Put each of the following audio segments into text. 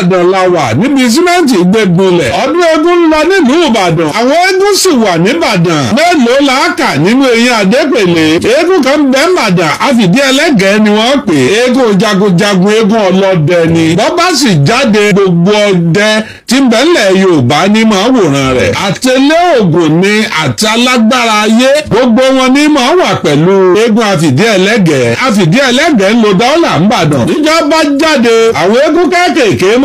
ìbàdàn la wà níbi símẹ́ǹtì gbẹ̀gbìnlẹ̀ ọdún eégún lọ nílùú ìbàdàn àwọn eégún sì wà níbàdàn mélòó la kà nínú eyín adépèlé kan àfìdí ẹlẹ́gẹ̀ẹ́ ni wọ́n pè jagunjagun gbogbo ọdẹ tí yorùbá ní máa wòran rẹ̀ àtẹlẹ́ ògùn ni gbogbo wọn ní máa wà pẹ̀lú àfìdí ẹlẹ́gẹ̀ẹ́ àfìdí ẹlẹ́gẹ̀ẹ́ ń lo dọ́là níjọba jáde àwọn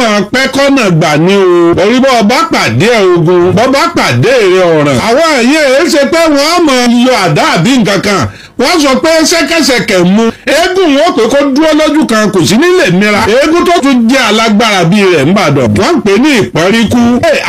máa pẹ́ kọ́nà gbà ní o torí bọ́ ọba pàdé ogun bọ́ bá pàdé èrè ọ̀ràn àwọn àyè é ṣe pé wọ́n á mọ iyọ̀ àdá àbí nǹkan kan wọ́n sọ pé ṣẹ́kẹ́ṣẹkẹ̀ mu eégún wọn pé kó dúró lójú kan kò sí nílẹ̀ mìíràn eégún tó tún jẹ́ alágbára bíi rẹ̀ ńbàdàn wọ́n pè ní ìpọ́nríkú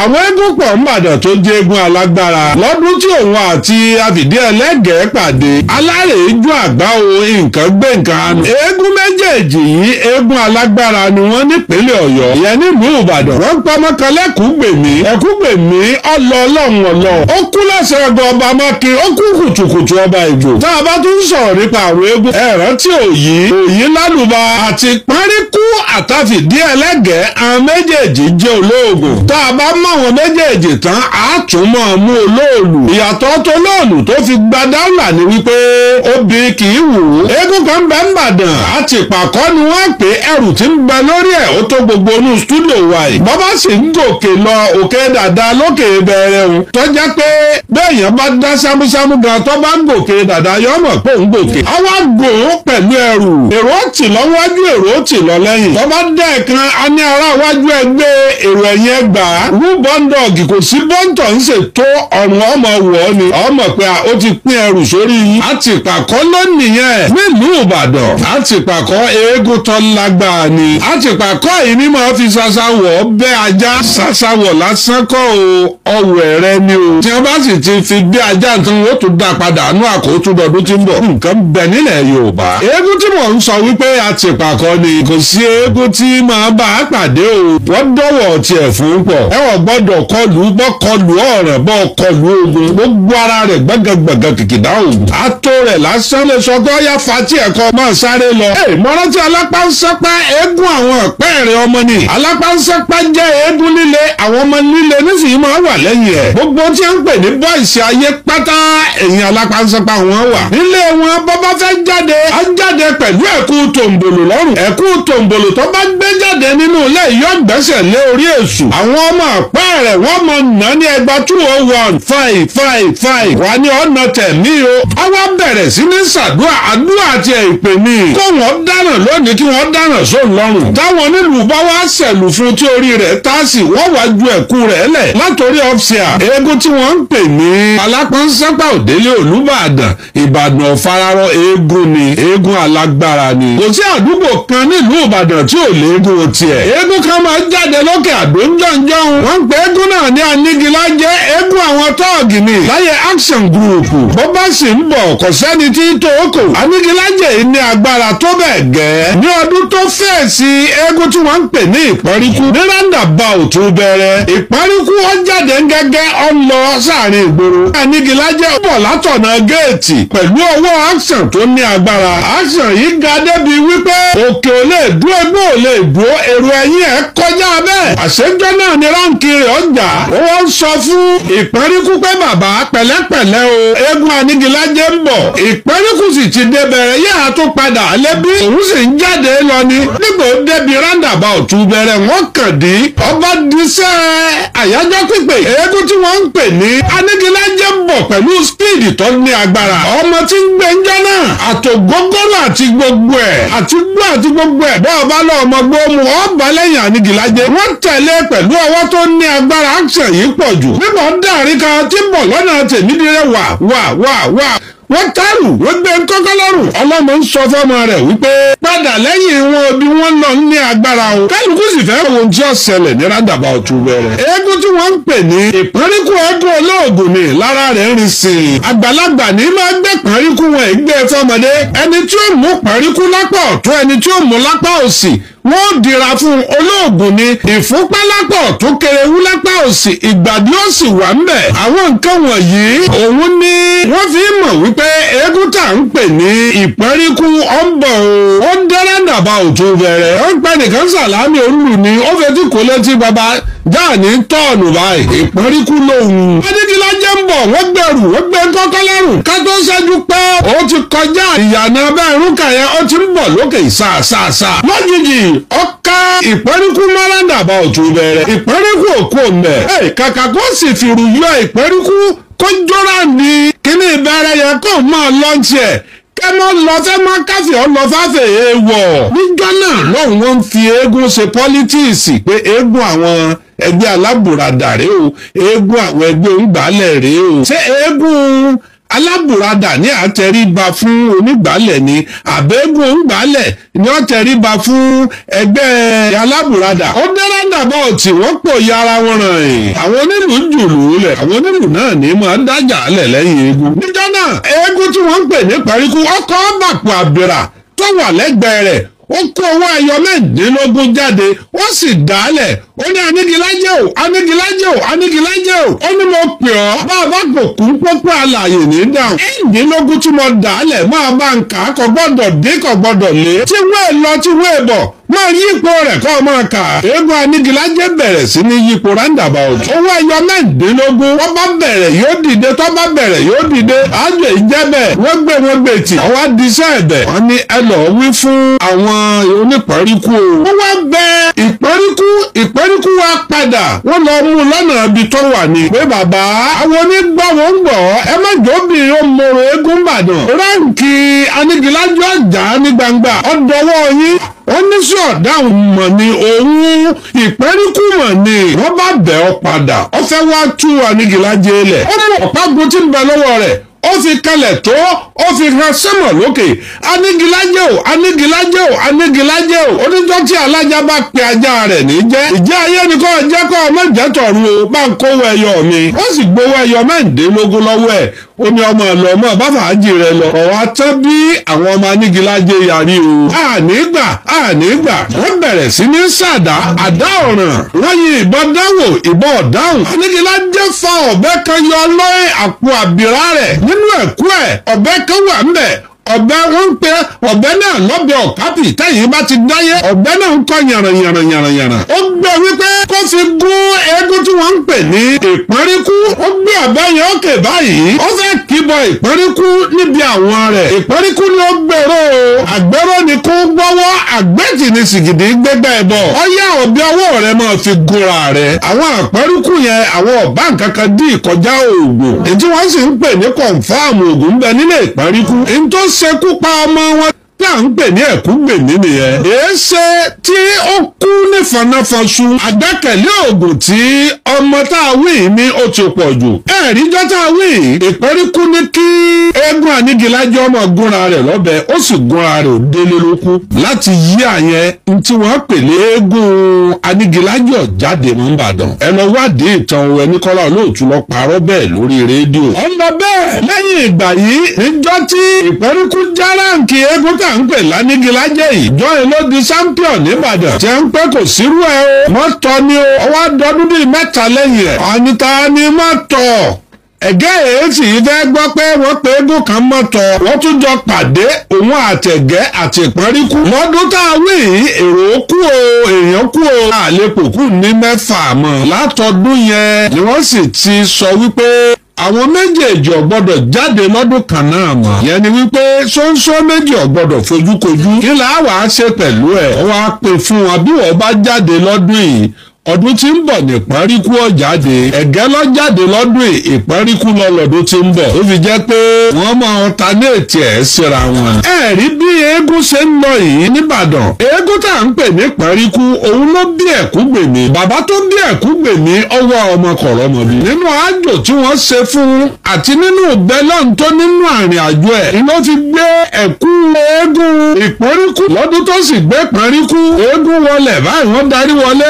àwọn eégún pọ̀ ńbàdàn tó jẹ́ eégún alágbára lọ́dún tí òun àti àfìdí ẹlẹ́gẹ̀ẹ́ pàdé alárèéjú àgbá o nǹkan gbé nǹkan anu eégún méjèèjì yìí eégún alágbára ni wọ́n nípínlẹ̀ ọ̀yọ́ ìyẹn nílùú ìbàdàn wọ́n pa ọmọkànlẹ́ kúgbèmí ẹ̀kúgbèmí ọlọ́ọ̀lọ́ọ̀ ọlọ́ọ̀ ó kú lọ́sẹ̀ ọgbà ọba mákin ó kú kùtùkùtù ọba ìgbò tá a bá ti ń sọ̀rọ̀ nípa àwọn eégún ẹ̀rán tí òyì òyì lálùbà àti páríkù àtàfì díẹ̀ lẹ́gẹ̀ẹ́ àwọn méjèèjì jẹ́ olóògùn tá a bá mọ̀ àwọn méjèèjì tán á tún mọ̀ mú olóòlù ìyàtọ̀ tó lóòlù tó fi gba dáúlà ni wípé obìnrin kì í wù eégún kan bẹ́ ń bàdàn àti ìpàkọ́ ni wọ́n pè ẹrù tí ń bẹ lórí ẹ̀ ó tó gbogbo inú stúdíò wa yìí bọ́bá sì ń gòkè lọ òkè dàda lókè bẹ̀rẹ̀ òun tó pé bẹ́ẹ̀ yẹn bá dá sámúsámú gan tó bá ń gòkè dàda yọ mọ̀ pé òun gòkè. àwa gùn ún pẹ̀lú ẹrù èrò tì lọ́wọ́jú èrò tì lọ lẹ́yìn. tọ́ba dẹ́ẹ̀kan a ní ará iwájú ẹgbẹ́ èrò ẹ̀yìn ẹgbà rú bọ́ńdọ̀gì kò sí bọ́ńtọ̀ ń ṣe tó ọ̀run ọmọ wọ̀ ọ́ ni ọmọ pé ó ti pín ẹrù sórí yín. a ti pàkọ́ lónìí yẹn nílùú Ìbàdàn a ti pàkọ́ eégún tó lágbára ni a ti pàkọ́ èyí mímọ́ fi ṣaṣawọ̀ bẹ́ ajá ṣaṣawọ̀ lásán kọ́ o ọ̀wọ̀ ẹ̀rẹ́ ni o. tí wọ́n bá sì ti fi bí ajá nǹkan wọ́n tún dá padà nú àkótú lọ́dún tí ń bọ̀. nǹkan bẹ nílẹ̀ Yorùbá. eégún tí mò ń sọ wípé a ti pàkọ́ ni kò sí eégún tí máa bá a pàdé o. wọ́n dọ̀wọ̀ tiẹ̀ fún pọ̀. ẹ wọ́n gbọ́dọ̀ kọlù bọ́ kọlù ọ̀ràn bọ́ kọlù ogun. gbogbo ara rẹ̀ gbẹ́gàgbẹ́gà kìkìdá ogun. a tó rẹ̀ lásán lè sọ lẹ́yìn ẹ̀. gbogbo tí ń pè ní bọ́ìsì ayé pátá ẹ̀yìn alápánsánpá wọn wà. nílé wọn bọ́bá fẹ́ jáde á jáde pẹ̀lú ẹ̀kú tòǹbòlò lọ́rùn. ẹ̀kú tòǹbòlò tó bá gbé jáde nínú ilé yọ gbẹ́sẹ̀ lé orí èṣù. àwọn ọmọ àpá rẹ̀ mọ nà ní ẹgbà two oh one five five five wà ní ọ̀nà tẹ̀mí o. a bẹ̀rẹ̀ sí ní sàdúrà àdúrà àti ìpè mi. kó wọn dáràn lónìí kí wọ́n dáràn sóun lọ́rùn. táwọn nílùú bá wá sẹ̀lù fún tí rẹ̀ tá a sì wọ́n wá ju ẹ̀kú rẹ̀ lẹ̀ látòrí ọ̀fṣà eégún tí wọ́n ń pè ní alápọ̀nsápà òdélé olùbàdàn ìbàdàn ọ̀fararọ̀ eégún ni eégún alágbára ni kò sí àdúgbò kan nílùú ìbàdàn tí ò léégún tiẹ̀ eégún kan máa jáde lókè àdó ńjọ́njọ́hún wọ́n ń pè eégún náà ní anígilájẹ́ eégún àwọn tọ́ọ̀gì ni láyé action group bó bá sì ń bọ̀ kò sẹ́ni tí tó kù anígilájẹ́ ní agbára tó bẹ́ẹ̀ gẹ́ ní ọdún tó fèsì eégún tí wọ́n ń pè ní ìparíkú ní gẹ́ngẹ́gẹ́ ọlọ sáàrin ìgboro. anigilajẹ bọ̀ látọ̀nà géètì pẹ̀lú ọwọ́ action tó ní agbára. action yìí ga débi wípé òkè ò lè dúró ní ò lè dúró èrò ẹ̀yìn ẹ̀ kọjá bẹ́ẹ̀. àṣejọ́ náà ni ráǹkì rẹ̀ ọjà. ó ń sọ fún ìpẹ́ríkú pé bàbá pẹ̀lẹ́pẹ̀lẹ́ o. eégún anigilajẹ ń bọ̀. ìpẹ́ríkù sì ti débẹ̀rẹ̀ yíyà tó padà lẹ́bí. òun sì ń jáde lọ ni. nígbà ó débi roundabout bẹ̀rẹ̀ wọ́n kàn dín. ọba diṣẹ́ àyájọ́ pípé eégún tí wọ́n ń pè ní anigilájẹ́ bọ̀ pẹ̀lú spíìdì tó ní agbára ọmọ tí ń gbé ń jẹ́ náà àtògógóró àti gbogbo ẹ̀ àti gbọ́ àti gbogbo ẹ̀ bọ́ọ̀ bá lọ ọmọ gbó mu ọ̀bà lẹ́yìn anigilájẹ́ wọ́n tẹ̀lé e pẹ̀lú ọwọ́ tó ní agbára action yìí pọ̀ nígbà dàrí kan tí bọ̀ lọ́nà tèmídìrẹ́ wà wà wà wà wọ́n kárù wọ́n gbé kọ́kọ́ lọ́rùn ọlọ́mọ ń sọ fọ́mọ rẹ̀ wípé padà lẹ́yìn wọn bí wọ́n lọ ní agbára o kálukú sì fẹ́ ohun tí ó ṣẹlẹ̀ ní rádàbà ọ̀tún bẹ̀rẹ̀. eégún tí wọ́n ń pè ní ìpọ́nrínkù ẹ̀kún olóògùn ni lára rẹ̀ ń rin sí i. àgbàlagbà ní máa gbé pọ́nrínkù wọn ìgbé fọ́mọdé ẹni tí ó mú pọ́nrínkù lápá ọ̀tún ẹni tí ó mú lápá òsì wọ́n ó dira fún olóògùn ni ìfúnpá lápọ̀ tó kéré wú lápá òsì ìgbàdí ó sì wà ń bẹ̀. àwọn nǹkan wọ̀nyí òun ni wọ́n fi mọ̀ wípé eégún tá à ń pè ní ìpẹ́ríkú ọ̀bọ̀ ó dẹ́rẹ́ dàbà òtún bẹ̀rẹ̀ ó ń pẹ́ nìkan sàlámì olù ni ó fetí kò létí baba jáàní ń tọ̀nù báyìí ìparíkú lòun. adédìlá jẹ́ ń bọ̀ wọ́n gbẹ̀rù wọ́n gbẹ̀ ń kọ́kọ́ lẹ́rù ká tó ṣẹ́jú pẹ́ ó ti kọjá ìyànà bẹ́ẹ̀ rúkà yẹn ó ti ń bọ̀ lókè ṣàṣàṣà lójijì ọ̀ka ìparíkú mọ́ràndà bá òtún bẹ̀rẹ̀ ìparíkú òkú òmẹ̀ kàkà kó sì fìrù yọ ìparíkú kó jọra ní kíní ìbẹ̀rẹ̀ yẹn kó máa lọ́ọ̀tì ẹ̀ kẹ́mọ́ lọ fẹ́ má káfíọ́ lọ fáfẹ́ èèwọ̀ níjọ́ náà lòun wọ́n fi eégún ṣe pọ́lítíìsì pé eégún àwọn ẹgbẹ́ alábùradà rèé o eégún àwọn ẹgbẹ́ òǹgbàlẹ̀ rèé o ṣé eégún alábùradà ní àtẹríba fún onígbàálẹ̀ ni àbẹ́gùn onígbàálẹ̀ ní àtẹríba fún ẹgbẹ́ alábùradà. ó dára dàbọ̀ tí wọ́n pò ya ara wọn ràn yìí. àwọn onílù ń jùlù lẹ̀ àwọn onílù náà ní máa dájà lẹ̀ lẹ́yìn eégún. níjọ́ náà eégún tí wọ́n ń pè ní paríkú ọkọ̀ bàpọ̀ àbẹ̀rà tó wà lẹ́gbẹ̀ẹ́ rẹ̀ ó kó owó ayọ̀ mẹ́ẹ̀ẹ́dínlógún jáde ó sì dálẹ̀ ó ní anigilájẹ́ o anigilájẹ́ o anigilájẹ́ o ó ní mo pè ọ́ bá a bá gòkú pópó àlàyé ní dáhùn ẹ̀ẹ́dínlógún tí mo dálẹ̀ máa bá gbọ́dọ̀ máa rí ipò rẹ̀ kọ́ máa kà. eégún anigilajẹ bẹ̀rẹ̀ sí ní yípo roundabout. owó ẹyọ mẹ́ẹ̀ẹ́dínlógún. wọ́n bá bẹ̀rẹ̀ yóò dìde tó bá bẹ̀rẹ̀ yóò dìde. àjọ ìjẹ́bẹ̀ wọ́n gbé wọn gbé tì. àwa di sẹ́ẹ̀bẹ̀. wọ́n ní ẹ lọ wí fún àwọn onípẹ̀ríkù o. wọ́n wá bẹ ìpẹ̀ríkù ìpẹ̀ríkù wa padà. wọ́n lọ mú lọ́nà ibi tó wà ní. pé bàbá àwọn onígbàwọ̀ ń gbọ́ ẹ má jọ obìnrin ó ní sí ọ̀dáhùn mọ̀ ni òun ìpẹ́ríkùmọ̀ ni wọ́n bá bẹ̀ ọ́ padà ó fẹ́ wá tú anigilá ó ó fi kalẹ̀ tó ó fi hàn sẹ́mọ̀ lókè anigilájẹ́ o anigilájẹ́ o anigilájẹ́ o oníjọ́ tí alájà bá pe ajá rẹ̀ ní jẹ́ ìjẹ́ ayé ni kò jẹ́ kó ọmọ ìjẹ́tọ̀run o bá ń kówó ẹyọ mi ó sì gbowó ẹyọ mẹ́ǹdínlógún lọ́wọ́ ẹ̀ ó ní ọmọ ẹ̀ lọ ọmọ ẹ̀ bá fàájì rẹ lọ ọ̀wá tán bí àwọn ọmọ anigilájẹ́ yarí o àní gbà àní gbà wọ́n bẹ̀rẹ̀ sí ní sàdá àdá ọ̀ràn wọ́n yin ìbọn dáwò ìbọn ọ̀dáhùn anigilájẹ́ fa ọ̀bẹ kan yọ lọ́ọ́ àpò àbírá rẹ̀ ní nínú ẹ̀kú ẹ̀ ọ̀bẹ kan wà ń bẹ̀ ọ̀bẹ wọn ń pe ọ̀bẹ náà lọ́bẹ̀ ọ̀kápì táyìn bá ti dáyé ọ̀bẹ náà ń kọ́ yànnà yànnà yànnà yànnà ó gbẹ wípé wọ́n ti gún eégún tí wọ́n ń pè ní ìpọ́nríkú ó gbé àbẹ́yẹ òkè báyìí ó fẹ́ kíbọ ìpọ́nríkú níbi àwọn rẹ̀ ìpọ́nríkú ni ó gbèrò àgbẹ̀rọ ni kó gbọ́wọ́ àgbẹ̀tì ni sìgìdì gbẹgbẹ́ bọ̀ ó yá òbí ọwọ́ rẹ máa fi gúnra rẹ̀ àwọn ìpọ́nríkú yẹn àwọn ọ̀bá nǹkan kan dí ìkọjá oògùn ètí wọ́n sì ń pè ní kọ̀ǹfàmù oògùn tá à ń pè ní ẹ̀kúgbèmí nìyẹn. èéṣe tí ó kú ní fanáfasu àgbẹ́kẹ̀lé oògùn tí ọmọ tá a wí ní ó ti pọ̀ jù. ẹ̀ríjọ́ tá a wí ìpẹ́ríkú ní kí eégún ànígilájọ́ ọmọ gúnra rẹ̀ lọ́bẹ̀ ó sì gúnra rẹ̀ ò délé lókù. láti yí àyẹn ní tí wọ́n pè ní eégún ànígilájọ́ jáde mọ́ nìbàdàn. ẹ wádìí ìtàn òwe nìkọ́lá olóòtú lọ parọ́ bẹ́ẹ̀ lórí rédíò. ọ̀nà bẹ́ẹ̀ lẹ́yìn ìgbà yìí níjọ́ tí ìpẹ́ríkú járáǹkì eégún tà à ń pè lánìgìlá jẹ́ ìjọ ìlódì champion nìbàdàn jẹ́ ń pẹ́ kò sírú ẹ̀ o mọ́tọ́ ni o ọwọ́ dọdún bíi mẹ́ta lẹ́yìn ẹ̀ àníta ni mọ́tọ́ ẹ̀gẹ́ èéfì yìí fẹ́ gbọ́ pé wọ́n pe eégún kan mọ́tọ̀ wọ́n tún jọ pàdé òun àtẹ̀gẹ́ àti ìpọ́nríkù. lọ́dún tá a wí yìí èrò kú o èèyàn kú o àlepò kù ní mẹ́fà mọ̀ látọdún yẹn ni wọ́n sì ti sọ wípé àwọn méjèèjì ọ̀gbọ́dọ̀ jáde lọ́dún kan náà mọ́. yẹn ni wípé sọ́nsọ́ méjì ọ̀gbọ́dọ̀ fojúkojú kí làá wàá ṣe pẹ̀lú ẹ̀. wọ́n á pè fún wọn bí wọ́n bá jáde lọ́dún yìí ọdún tí ń bọ̀ ní ìparíkú ọ̀jáde ẹ̀gẹ́ lọ jáde lọ́dún ìparíkú lọ lọ́dún tí ń bọ̀ ó fi jẹ́ pé wọ́n máa ń ta ní ètí ẹ̀ síra wọn. ẹ rí bí eégún ṣe ń lọ yìí nìbàdàn eégún tá à ń pè ní ìparíkú òun ló bí ẹ̀kú gbèmí bàbá tó bí ẹ̀kú gbèmí ọwọ́ ọmọ kọ̀rọ̀ mọ̀ bí. nínú àjò tí wọ́n ṣe fún àti nínú bẹ́lọ́n nínú àrìn àjò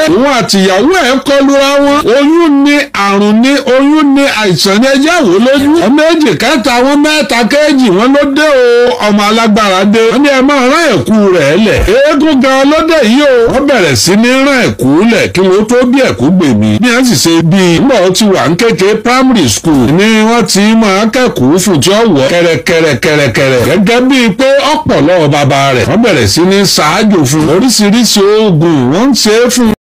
ẹ̀ ló ìyàwó ẹ̀ ń kọlura wọn oyún ni àrùn ni oyún ni àìsàn ni ẹjẹ́ wò lójú ọmọ èjì kẹta wọn mẹ́ta kéèjì wọn ló dé o ọmọ alágbára dé wọn ni ẹ máa rán ẹ̀kú rẹ̀ lẹ̀ eégún gan ọlọ́dẹ yìí o wọ́n bẹ̀rẹ̀ sí ní rán ẹ̀kú lẹ̀ kí wọ́n tó bí ẹ̀kú gbèmí ní à ń sì ṣe bíi mbọ̀ ti wà ń primary school ni wọ́n ti máa kẹ́kọ̀ọ́ fún tí ó wọ̀ kẹ̀rẹ̀kẹ̀rẹ̀kẹ̀rẹ̀ gẹ́gẹ́ bíi pé ọ̀pọ̀lọ́ bàbá rẹ̀ wọ́n bẹ̀rẹ̀ sí ní ṣáájú fún oríṣiríṣi oògùn wọ́n ń ṣe